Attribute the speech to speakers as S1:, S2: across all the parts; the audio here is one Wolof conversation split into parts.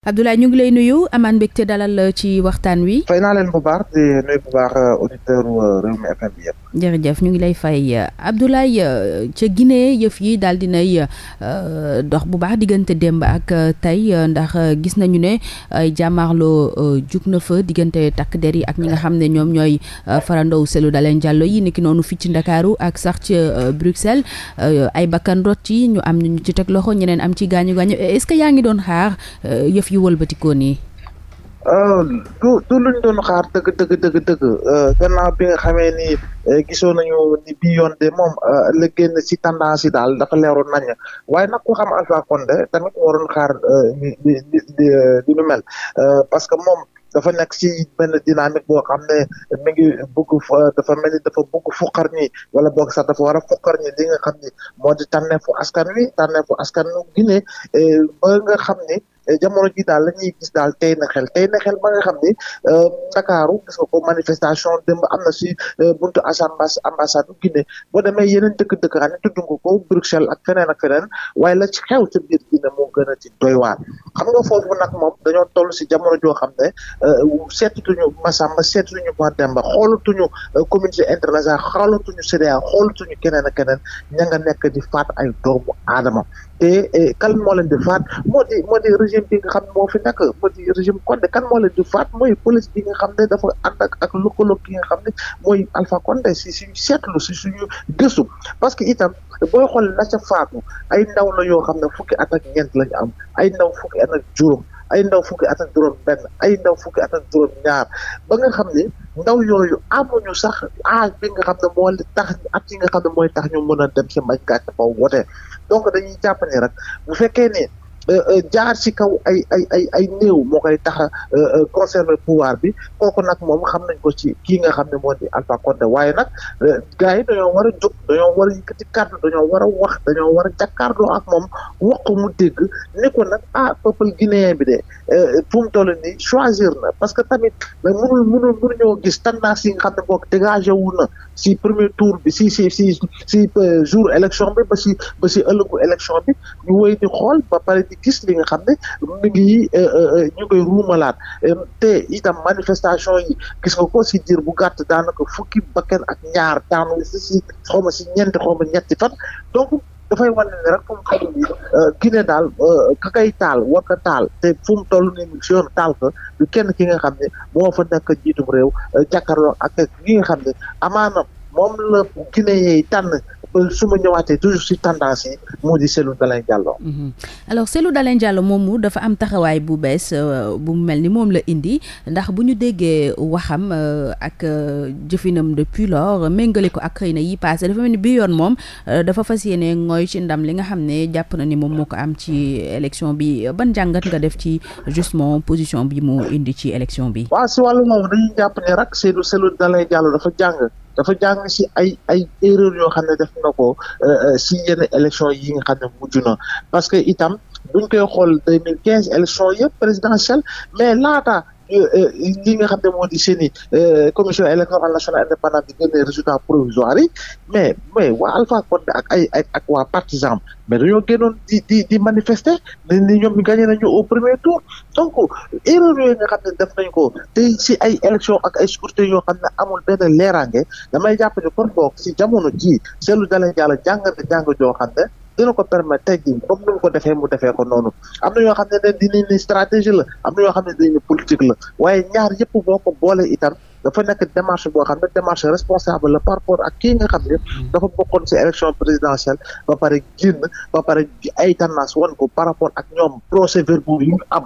S1: Abdoulaye ñu ngi lay nuyu amaan mbégte dalal euh, ci waxtaan wi.
S2: fay naa euh, euh,
S1: ñu ngi lay fay Abdoulaye ca Guinée yëf yi daal dinay dox bu baax diggante démb ak tey ndax gis nañu ne jàmmaarloo jug na fa diggante takk der yi ak ñi nga xam ne ñoom ñooy farandow Cellou Dalein Diallo yi nekki noonu fii ci Ndakaaru ak sax ci Bruxelles ay bakkan rot ci ñu am ñu ci teg loxo ñeneen am ci gaañu gaañu est-ce yaa ngi doon xaar yëf yëf yu wëlbatikoo nii.
S2: Euh, du du luñ doon xaar dëgg dëgg dëgg dëgg euh, gannaaw bi nga xamee ni euh, gisoon nañu ni bii de moom la génn si tendance yi daal dafa leeroon nañ waaye nag ku xam Alpha Condé tamit waroon xaar di mel parce que moom. dafa nekk ci benn dynamique boo xam ne mi ngi dafa mel ni dafa bëgg fuqar ñi wala boog sax dafa war a fuqar ñi nga xam ni moo di tànneefu askan wi tànneefu askan wi ba nga xam ni Eh, jamono ji daal la ñuy gis daal tey na xel tey na xel ba nga xam ne euh, Ndakaaru gis nga manifestation démb am na si euh, buntu asambas ambassade bu boo demee yeneen dëkk dëkkaan tudd nga ko Bruxelles ak feneen ak feneen waaye la ci xew ci biir Guinée moo gën a ci moom dañoo toll si jamono joo xam ne euh, seetutuñu Massamba seetutuñu ma Demba xoolatuñu communauté internationale xoolatuñu CEDEAO xoolatuñu keneen ak keneen ña nga nekk di faat ay doomu aadama te et kan moo leen di faat moo di moo régime bi xam ne moo fi nekk moo di régime Condé kan moo leen di faat mooy police bi nga xam ne dafa ànd ak ak lëkkaloog ki nga xam ne mooy Alpha Condé si suñu seetlu si suñu gëstu parce que itam booy xool la ca faatu ay ndaw la yoo xam ne fukki at ak ñeent lañu am ay ndaw fukki at juróom ay ndaw fukki at ak juróom benn ay ndaw fukki at ak juróom ñaar ba nga xam ne ndaw yooyu amuñu sax âge bi nga xam ne moo tax at yi nga xam ne mooy tax ñu mën a dem ci mbajkaat ba wote donc dañuy jàpp ne rek bu fekkee ne Euh, euh, jaar ci kaw ay ay ay ay néew moo koy tax a euh, conserver pouvoir bi kooku nag moom xam nañ ko ci kii nga xam ne moo di Alpha Condé waaye nag gars dañoo war a jóg dañoo war a yëkkati kàddu dañoo war a wax dañoo war a jàkkaarloo ak moom wax ko mu dégg ni ko nag ah peuple guinéen bi de fu mu toll nii choisir na parce que tamit mënul mënul mënuñoo gis tendance yi nga xam ne boog dégagé wu na si premier tour bi si si si si jour élection bi ba si ba ëllëgu élection bi ñu wéy di gis li nga xam ne mu ngi euh, euh, euh, ñu koy ruumalaat te itam manifestation yi gis ko si diir bu gàtt daanaka fukki bakkan ak ñaar daanu si si xaw ma si ñeenti xaw ma ñetti fan donc dafay wane ne rek fu mu toll nii Guinée daal ka kay taal war ka taal te fu mu toll nii si yoon taal ko du kenn ki nga xam ne moo fa nekk jiitum réew jàkkaarloo ak ki nga xam ne amaana moom la Guinéen yi tànn su ma ñëwaatee toujours si tendance yi moo di Cellou Dalein Diallo.
S1: Mhm. alors Cellou dafa am taxawaay bu bees euh, bu mu mel ni moom la indi ndax bu ñu déggee waxam euh, ak euh, jëfinam depuis lors méngale ko ak xëy na yi passé dafa mel ni bi yoon moom dafa fas yéene ngooy ci ndam li nga xam ne jàpp na ni moom moo ko am ci élection bi ban jàngat nga def ci justement position bi mu indi ci élection bi.
S2: waaw si wàllu moom dañuy jàpp ne rek Cellou Cellou Dalein dafa jàng si ay ay erreur yoo xam ne def na ko euh, euh, si yenn élection yi nga xam ne parce que itam buñ koy xool deux mille quinze élection yëpp présidentielle mais laata li euh, euh, nga xam ne moo di seen i euh, commission électorale nationale indépendante di génne résultat provisoire mais mais waa Alpha Condé ak ay ak waa partisan mais dañoo génnoon di di di manifester ni ni ñoom gagné nañu au premier tour donc erreur yooyu nga xam ne def nañ ko te si ay élection ak ay scrutin yoo xam ne amul benn leeraange damay jàpp ne kon boog si jamono jii seetlu dalee jàll jàng na jàng joo xam ne dina ko permettre tey jii comme ni mu ko defee mu defee ko noonu am na yoo xam ne ne stratégie la am na yoo xam ne dinañ ni politique la waaye ñaar yëpp boo ko boole itam dafa nekk démarche boo xam ne démarche responsable la par rapport ak kii nga xam ne hmm. dafa bokkoon ci élection présidentielle ba pare génn ba pare ay tendance woon ko par rapport ak ñoom procès verbaux yi ñu am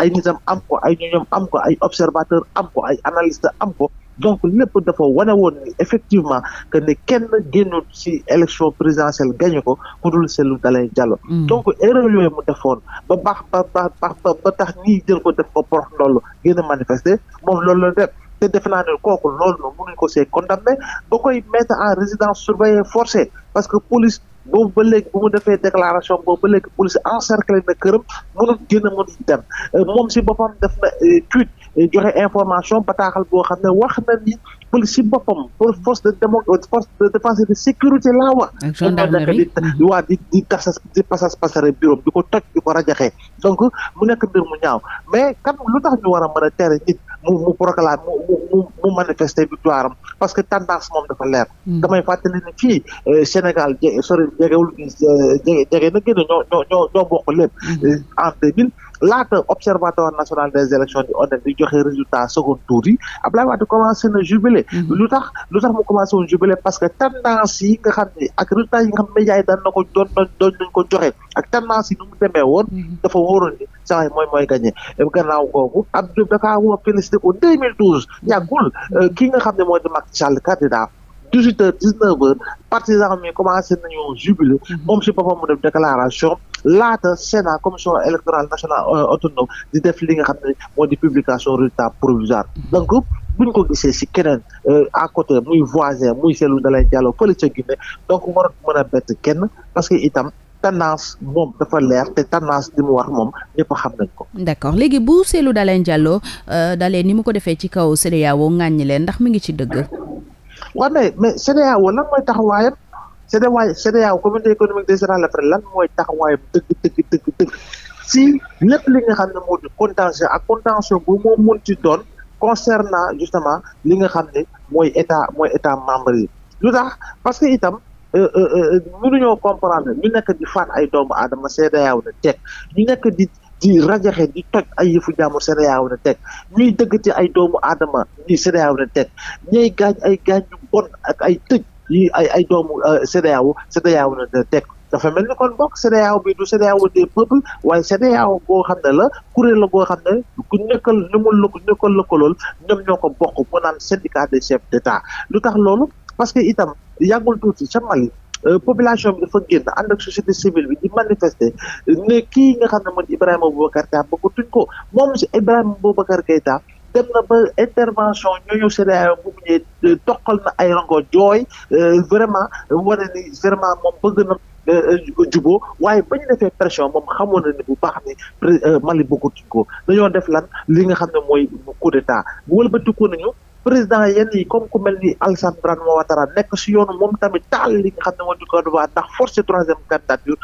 S2: ay nitam am ko ay ñoom am ko ay observateur am ko ay analyste am ko donc lépp dafa wane woon effectivement que ne kenn génnul ci élection présidentielle gagné ko ku dul Cellou Dalein Diallo mm. donc erreur yooyu mu defoon ba baax ba baax ba tax ñiy jël ko def ko porox ndollu gën a manifester moom loolu la de te defe naa kooku lool noonu mënuñ ko see condamné ba koy mettre en résidence surveillée forcé parce que police boobu ba léegi bu mu defee déclaration boobu ba léegi police encerclé na këram mënut génn mënut dem euh, moom si boppam def na euh, tweet joxe information bataaxal boo xam ne wax na ni police si boppam pour force de démo force de défense et de sécurité laa wax. ak gendarmerie di waa di di tasas di pasas pasare bureau di ko toj di ko rajaxee donc mu nekk mbir mu ñaaw mais kan lu tax ñu war a a tere nit mu mu manifester victoire parce que tendance moom dafa leer. Hmm. damay fàttali ni fii euh, Sénégal jege sori euh, jege jege na gën a ñoo hmm. euh, en deux laata observatoire national des élections di ONEL di joxe résultat second tour yi Abdoulaye Wade commencé na jubilé mhm. lu tax lu tax mu commencé woon jubilé parce que tendance yi nga xam ne ak résultat yi nga xam ne médias yi daan na ko doon na doon nañ ko joxe woon mhm. dafa wóoroon ni sax mooy mooy gagné gannaaw googu Abdou Diouf dakaa félicité ko 2012 yàggul euh, ki nga xam ne moo di Macky Sall candidat dix huit heures dix neuf mi commencé nañu jubilé mhm. moom si boppam mu def déclaration laata Sénat commission électorale nationale euh, autonome di def li nga xam ne moo di publication résultat provisoire mhm. donc buñ ko gisee si keneen euh, à côté muy voisin muy Cellou Dalein Diallo fële ca Guinée donc warut mën a bett kenn parce que itam tendance moom dafa leer te tendance li mu war moom ñëpp xam nañ ko.
S1: d'accord léegi bu Cellou Dalein Diallo euh, dalee ni mu ko defee ci kaw CEDEAO ŋàññi leen ndax mi ngi ci dëgg.
S2: waaw mais mais CEDEAO lan mooy taxawaayam CEDEAO CEDEAO communauté économique des États la pare lan mooy taxawaayam dëgg dëgg dëgg dëgg si lépp li nga xam ne moo di contention ak contention bu moo mun ci doon concernant justement li nga xam ne mooy état mooy état membre yi lu tax parce que itam euh, euh, euh, mënuñoo comprendre ñu nekk di faat ay doomu aadama CEDEAO na teg ñu nekk di di rajaxe di toj ay yëfu jàmbur CEDEAO na teg ñuy dëgg ci ay doomu aadama ñi CEDEAO na teg ñay gaañ ay gaañ yu bon ak ñuy ay ay doomu euh, CEDEAO CEDEAO na da teg dafa mel ni kon bokk CEDEAO bi du CEDEAO des peuples waaye CEDEAO goo xam ne la kuréel la goo xam ne ku nekkal ni mu lëkk nekkal lëkkalool ñoom ñoo ko bokk mu naan syndicat lu tax loolu parce que itam yàggul tuuti ca Mali euh, population bi dafa génn ànd ak société civile bi di manifester ne kii nga xam ne mooy Ibrahima Boubacar Keïta bëggatuñ dem na ba intervention ñooñu CEDEAO bu mu euh, toqal na ay rango jooy euh, vraiment wane ni vraiment moom bëgg na euh, juboo waaye ba ñu defee pression moom xamoon na ne bu baax ni Mali bokkatuñ ko dañoo def lan li nga xam ne mooy coup bu walbatiku nañu président yenn yi comme ku mel ni Alassane Dramane Ouattara nekk si yoonu moom tamit taal li nga xam ne moo di Côte d'Ivoire ndax forcé troisième candidature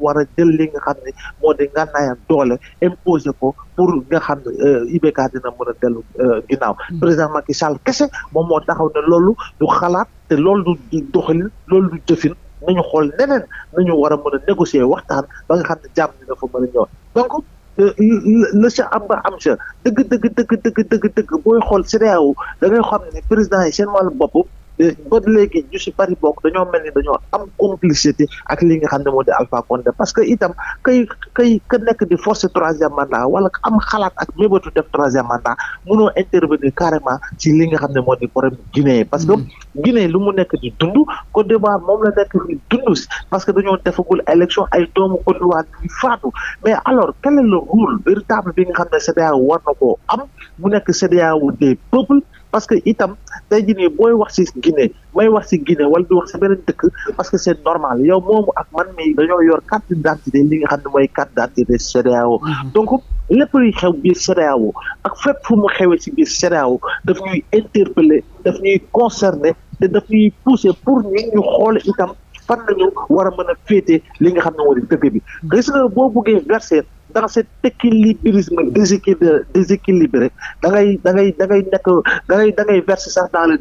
S2: war a jël li nga xam ne moo di ngànnaayam doole imposer ko pour nga xam ne euh, IBK dina mën a dellu euh, ginnaaw mm. président Macky Sall kese moom moo taxaw ne loolu du xalaat te loolu du doxalin loolu du jëfin nañu xool neneen nañu war a mën a waxtaan ba nga xam ne jàmm ni dafa mën a la ca am ba am ca dëgg dëgg dëgg dëgg dëgg dëgg booy xool CEDEAO da ngay xam ne président yi seen wàllu bopp Euh, ba léegi ñu si bari bokk dañoo mel ni dañoo am complicité ak li nga xam ne moo de Alpha Condé parce que itam kay kay ka nekk di forcer troisième mandat wala am xalaat ak mébatu def troisième mandat munoo intervenir carrément ci li nga xam ne moo di problème parce que mm-hmm. Guinée lu mu nekk di dund Côte d'Ivoire moom la nekk di dund parce que dañoo defagul élection ay doomu Côte d'Ivoire di faatu mais alors quel est le rôle véritable bi nga xam ne CEDEAO war na koo am mu nekk CEDEAO des peuples parce que itam tey jii nii booy wax ci Guinée may wax ci Guinée wala di wax ci beneen dëkk parce que c'est normal yow moomu ak man mi dañoo yor carte d'identité li nga xam ne mooy carte d'identité CEDEAO donc lépp luy xew biir CEDEAO ak fépp fu mu xewee ci biir CEDEAO daf ñuy interpeller daf ñuy concerner te daf ñuy pousser pour ñu ñu xool itam fan nañu war a mën a féete li nga xam ne moo di dëkk bi hmm. gis boo buggee verser dans cet équilibrisme déséquilibré déséquilibré da ngay da ngay da ngay nekk da a da ngay verser sax dans le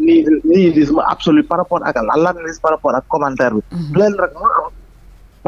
S2: nihilisme absolu par rapport ak l'analyse par rapport ak commentaire bi. Mhm.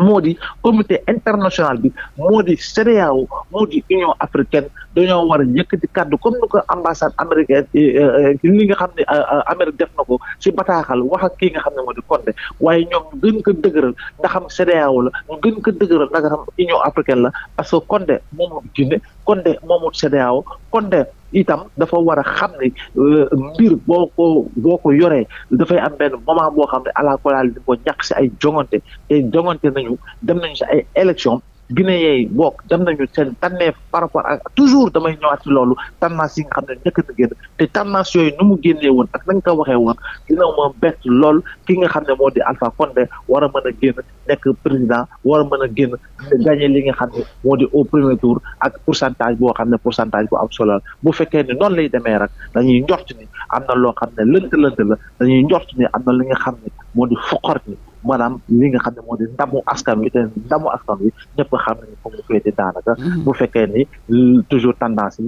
S2: moo di comité international bi moo di CEDEAO moo di union africaine dañoo war a yëkkati kàddu comme ni ko ambassade américaine eh, eh, eh, li nga xam ne Amérique def na ko si bataaxal wax ak kii nga xam ne moo di Condé waaye ñoom ñu gën ko dëgëral ndaxam xam CEDEAO la ñu gën ko dëgëral nga xam union africaine la parce que Condé moom Guinée kon de moomut CEDEAO kon de itam dafa war a xam ne euh, mbir boo ko boo ko yoree dafay am benn moment boo xam ne àla kolaal di ko ñàkk si ay jongante te jongante nañu dem nañu si ay élection guinéen yi bokk dem nañu seen tànneef par rapport ak toujours damay ñëwaat ci loolu tendance yi nga xam ne njëkk na génn te tendance yooyu nu mu génnee woon ak nañ ko waxee woon dina ma bett lool ki nga xam ne moo di Alpha Condé war a mën a génn nekk président war mën a génn gagné li nga xam ne moo di au premier tour ak pourcentage boo xam ne pourcentage bu am solo la bu fekkee ni noonu lay demee rek dañuy njort ni am na loo xam ne lënt lënt la dañuy njort ni am li nga xam ne moo di foqar ni maanaam li nga xam ne moo di ndamu askan wi te ndamu askan wi ñëpp xam nañu mu mhm. fekkee ni toujours tendance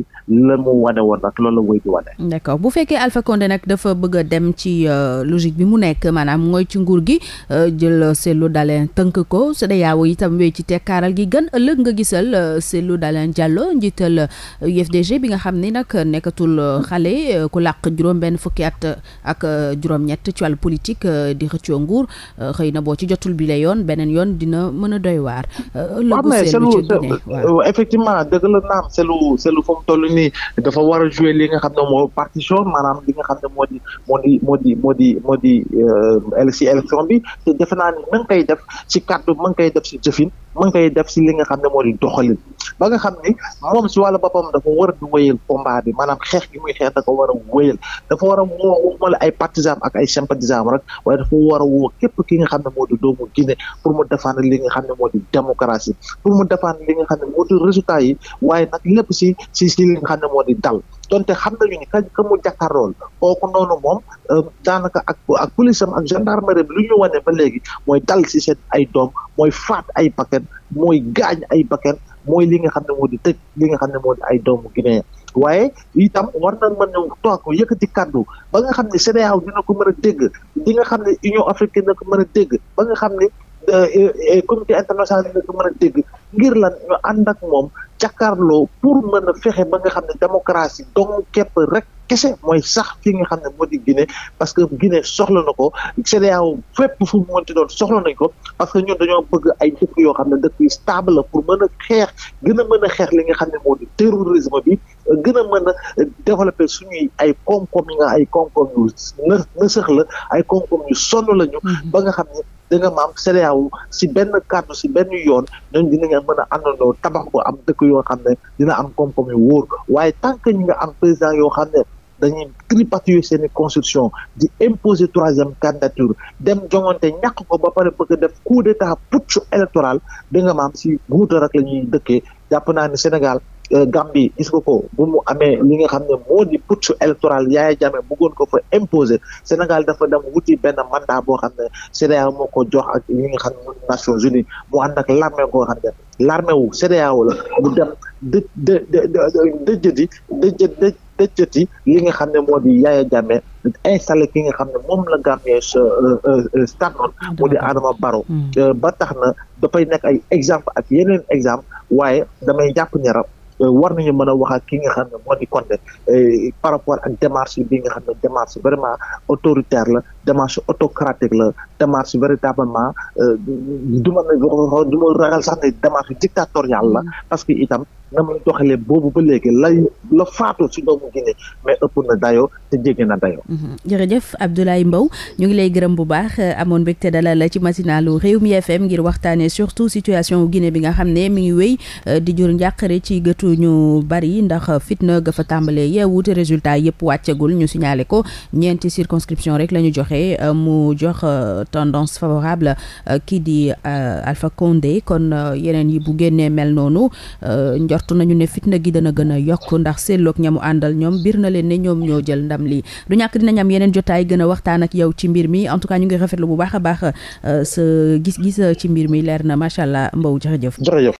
S2: la mu wane woon nag loolu la wéy wane.
S1: d'accord bu fekkee Alpha Condé nag dafa bëgg a dem ci euh, logique bi mu nekk maanaam mooy ci nguur gi euh, jël Cellou Dalein tënk ko CEDEAO itam wéy ci tekkaaral gi gën ëllëg nga gisal euh, Cellou Dalein Diallo njiital UFDG bi nga xam ni nag nekkatul xale ku làq juróom benn fukki at ak juróom-ñett ci wàllu politique di xëccoo xëy na boo ci jotul bi la yoon beneen yoon dina mën a doy waar. ëllëgu seetlu ci Guinée waaw
S2: euh, effectivement dëgg la naam seetlu seetlu fa mu toll nii dafa war a li nga xam ne moo partition maanaam li nga xam ne moo di moo di moo di moo di moo di si euh, élection bi te naa ni mën koy si kàddu mën koy def si jëfin mën si li nga xam ne moo di doxalin ba nga xam ni si wàllu boppam dafa war a di wéyal combat bi maanaam xeex gi muy xeex dafa war a wéyal war a woo waxumala ay partisans ak ay sympathisants ki nga xam xam ne moo di pour mu défendre li nga xam ne moo di démocratie pour mu li nga xam ne moo di résultat yi waaye nag lépp si si si li nga xam ne moo di dal donte xam nañu ni ka ka mu jàkkaarlool kooku noonu moom euh, daanaka ak ak police am ak gendarmerie bi lu ñu ba léegi mooy dal si set ay doom mooy faat ay bakkan mooy gaañ ay bakkan mooy li nga xam ne moo di tëj li nga xam ne moo di ay doomu Guinée waaye itam war na mën a toog yëkk di kaddu ba nga xam ne CEDEAO dina ko mën a dégg li nga xam ne Union africaine na ko mën a dégg ba nga xam ne euh, euh, comité international dina ko mën a dégg ngir lan ñu ànd ak moom jàkkaarloo pour mën a fexe ba nga xam ne démocratie dong képp rek. kese mooy sax fi nga xam ne moo di Guinée parce que Guinée soxla na ko CEDEAO fépp fu mu mënti doon soxla nañ ko parce que ñun dañoo bëgg ay dëkk yoo xam ne dëkk yu stable pour mën a xeex gën a mën a xeex li nga xam ne moo di terrorisme bi gën a mën a développer suñuy ay koom ay koom-koom la ay koom-koom yu sonn mm-hmm. ba nga xam ne da nga maam CEDEAO si benn kàddu si benn yoon ñooñu dinañ mën a àndandoo tabax ko am dëkk yoo xam ne dina am koom-koom yu wóor waaye tant ñu nga am président yoo xam ne dañuy tripatouiller seen i constitution di imposer troisième candidature dem joŋante ñàkk ko ba pare bëgg ko def coup d'état putsch électoral da nga maam si guuta rek la ñuy dëkkee jàpp naa ne Sénégal euh, Gambie gis nga ko bu mu amee li nga xam ne moo di putsch électoral Yaya Jammeh bëggoon ko fa imposé Sénégal dafa dem wuti benn mandat boo xam ne CEDEAO moo ko jox ak li nga xam ne Nations Unies mu ànd ak l'armée koo xam ne l'armée wu CEDEAO la mu dem dë dë dë dëjëdi tëccati li nga xam ne moo di Yaya Jammeh installé ki nga xam ne moom la Gambien sa tànnoon mu di Adama Barrow ba tax na dafay nekk ay exemple ak yeneen exemple waaye damay jàpp ne rab war nañu mën a wax ak ki nga xam ne moo di Condé par rapport ak démarche bi nga xam ne démarche vraiment autoritaire la démarche autocratique la démarche véritablement du ma ne du ma ragal sax ne démarche dictatoriale la parce que itam na muy doxalee boobu ba léegi lay la faatu si doomu Guinée mais ëpp na dayoo te jege na
S1: dayoo. Mhm. jërëjëf Abdoulaye Mbow ñu ngi lay gërëm bu baax amoon mbégte dalal la ci matinalu Rewmi FM ngir waxtaanee surtout situation Guinée bi nga xam ne mi ngi wéy euh, di jur njàqare ci gëtu ñu bari ndax fitna ga fa tàmbalee yeewu te résultat yëpp wàccegul ñu signalé ko ñeenti circonscription rek lañu joxe euh, mu jox euh, tendance favorable kii di Alpha Condé kon yeneen yi bu génnee mel noonu. njortu nañu ne fitna gi dana gën a yokk ndax seetloog ñamu àndal ñoom biir na leen ne ñoom ñoo jël ndam lii du ñàkk dinañ am yeneen jotaay gën a waxtaan ak yow ci mbir mi en tout cas ñu ngi rafetlu bu baax a baax euh, sa gis-gis euh, ci mbir mi leer na macha allah Mbow jërëjëf jërëjëf